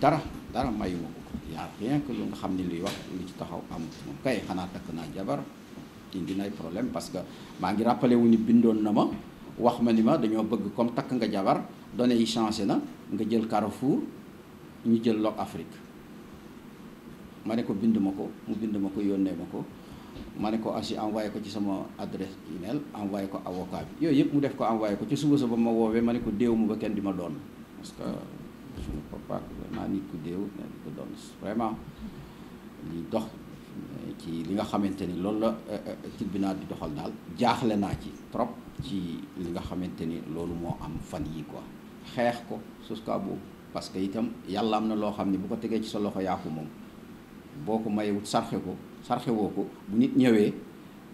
dara dara mayu ya ko yaa rien que lu nga xam ne wax lu ci taxaw amut moom kay xanaa takk naa jabar dindi nay problème parce que maa ngi rappelé wu ni bindoon wax ma ni ma dañoo bëgg comme takk nga jabar données yi changé na nga jël Carrefour ñu jël lok Afrique ma ko bind ma mu bind ma ko ko envoyé ko ci sama adresse email envoyé ko avocat bi yooyu yëpp mu def ko envoyé ko ci suba sa ba ma woowee ma ko mu ba kenn di madon doon parce que suñu papa vraiment nit ku déew ne di ko doon vraiment li dox ci li nga xamante ni loolu la euh, euh, tribunal di doxal daal jaaxle naa ci trop ci li nga xamante ni loolu moo am fan yii quoi xeex ko jusqu'à boobu parce que itam yàlla am na loo xam ne boo ko tegee ci sa loxo yaa ko moom boo ko mayewut sarxe ko sarxe ko bu nit ñëwee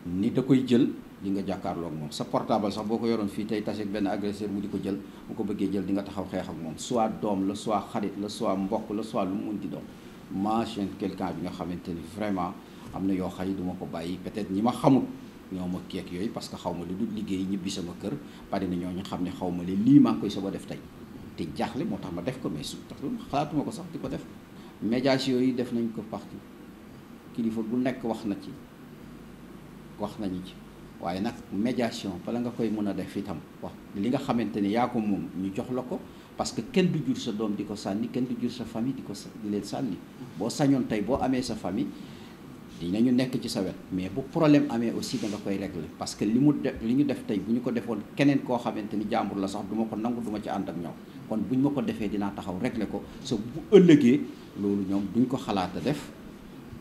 ni da koy jël di nga jàkkaarloog moom sa portable sax boo ko yoroon fii tey tase benn agresseur bu di ko jël bu ko bëggee jël di nga taxaw xeex moom soit doom la soit xarit la soit mbokk la soit lu mu munti doom ma chaîne bi nga xamante ni vraiment am na yoo xam ne du ko bàyyi peut-être ñi ma xamul ñoo ma keek yooyu parce que xaw ma li du liggéey ñibbi sama kër bari na ñoo ñu xam ne xaw ma li lii maa ngi koy soog a def tey te jaaxle moo tax ma def ko mais su tax xalaatuma ko sax di ko def médiation yooyu def nañ ko partout kilifa bu nekk wax na ci wax nañu ci waaye nag médiation bala nga koy mun a def itam wax li nga xamante ne yaa ko moom ñu jox la ko parce que kenn du jur sa doom di ko sànni kenn du jur sa famille di ko di leen sànni boo sañoon tey boo amee sa famille dinañu nekk ci sa wet mais bu problème amee aussi da nga koy régler parce que li mu def li ñu def tey bu ñu ko defoon keneen koo xamante ni jàmbur la sax du ma ko nangu duma ci ànd ak ñoom kon bu ñu ma ko defee dinaa taxaw régler ko soo bu ëllëgee loolu ñoom duñ ko xalaata def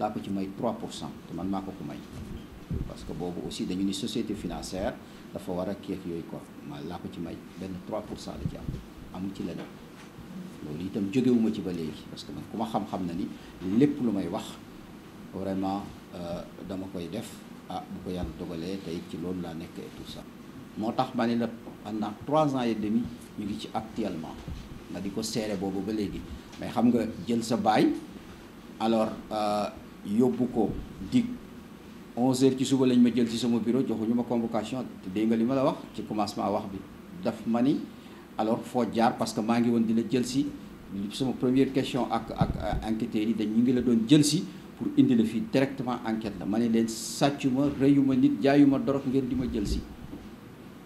laa ko ci may 3 pour cent te man maa ko ko may parce que boobu aussi dañu ni société financière dafa war a kii ak yooyu quoi ma laa ko ci may benn 3 pour cent la ci am amul ci leneen loolu itam jógewuma ci ba léegi parce que man ku ma xam-xam na ni lépp lu may wax vraiment euh, dama koy def ah bu ko yàlla ci loolu laa nekk et moo tax ma ne la pendant 3 ans et demi ñu ngi ci actuellement nga di ko seere boobu ba léegi mais xam nga jël sa baay alors. Euh, yobuko ko dig 11h ci suba lañ ma jël ci sama bureau joxuñu ma convocation te dégg nga li ma la wax ci commencement wax bi daf mani alors fo jaar parce que ma ngi won dina jël ci sama première question ak ak enquêteurs yi dañ ngi la doon jël ci pour indi le fi directement enquête la mané len leen sàccu ma rëyu nit jaayu ma ngeen di ma jël ci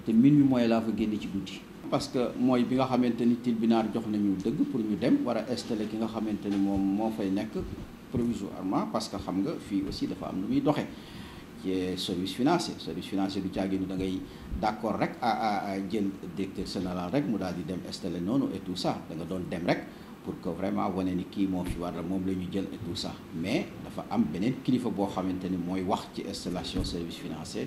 te min mi moy la fa génne ci guddi. parce que moy bi nga xamanteni ni tribunal jox nañu deug pour ñu dem wara a installer ki nga xamanteni mom mo fay nekk. provisoirement parce que xam nga fii aussi dafa am lu muy doxee ci service financier service financier du caagin da ngay d' accord rek a jën directeur directeur général rek mu daal di dem installé noonu et tout ça da nga doon dem rek pour que vraiment wane ni kii moo fi war la moom la ñu jël et tout ça mais dafa am beneen kilifa boo xamante ni mooy wax ci installation service financier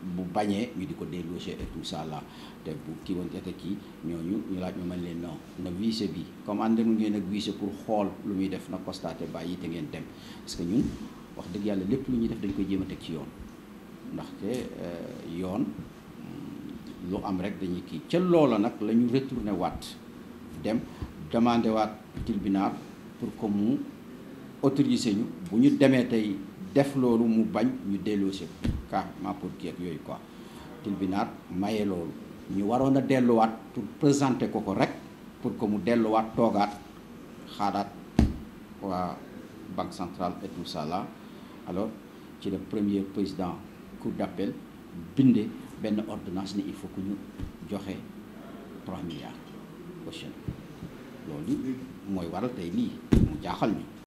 bu bañee ñu di ko déloger et tout ça là te bu kii woon te kii ñooñu ñu laaj ñu mën leen non na viser bi comme ànd ngeen ak viser pour xool lu muy def na constaté bàyyi te ngeen dem parce que ñun wax dëgg yàlla lépp lu ñuy def dañ koy jéem a teg ci yoon ndaxte euh, yoon lu am rek dañuy kii ca loola nag la ñu retourné waat dem demandé waat tribunal pour que mu autorisé ñu bu ñu demee tey. def loolu mu bañ ñu delloosi ko carrément pour kii ak yooyu quoi tribunal maye loolu ñu waroon a delluwaat pour présenter ko ko rek pour que mu delluwaat toogaat xaaraat waa banque centrale et tout ça alors ci le premier président cour d'appel binde benn ordonnance ni il faut que ñu joxe 3 milliards au loolu mooy waral tey lii mu jaaxal ñu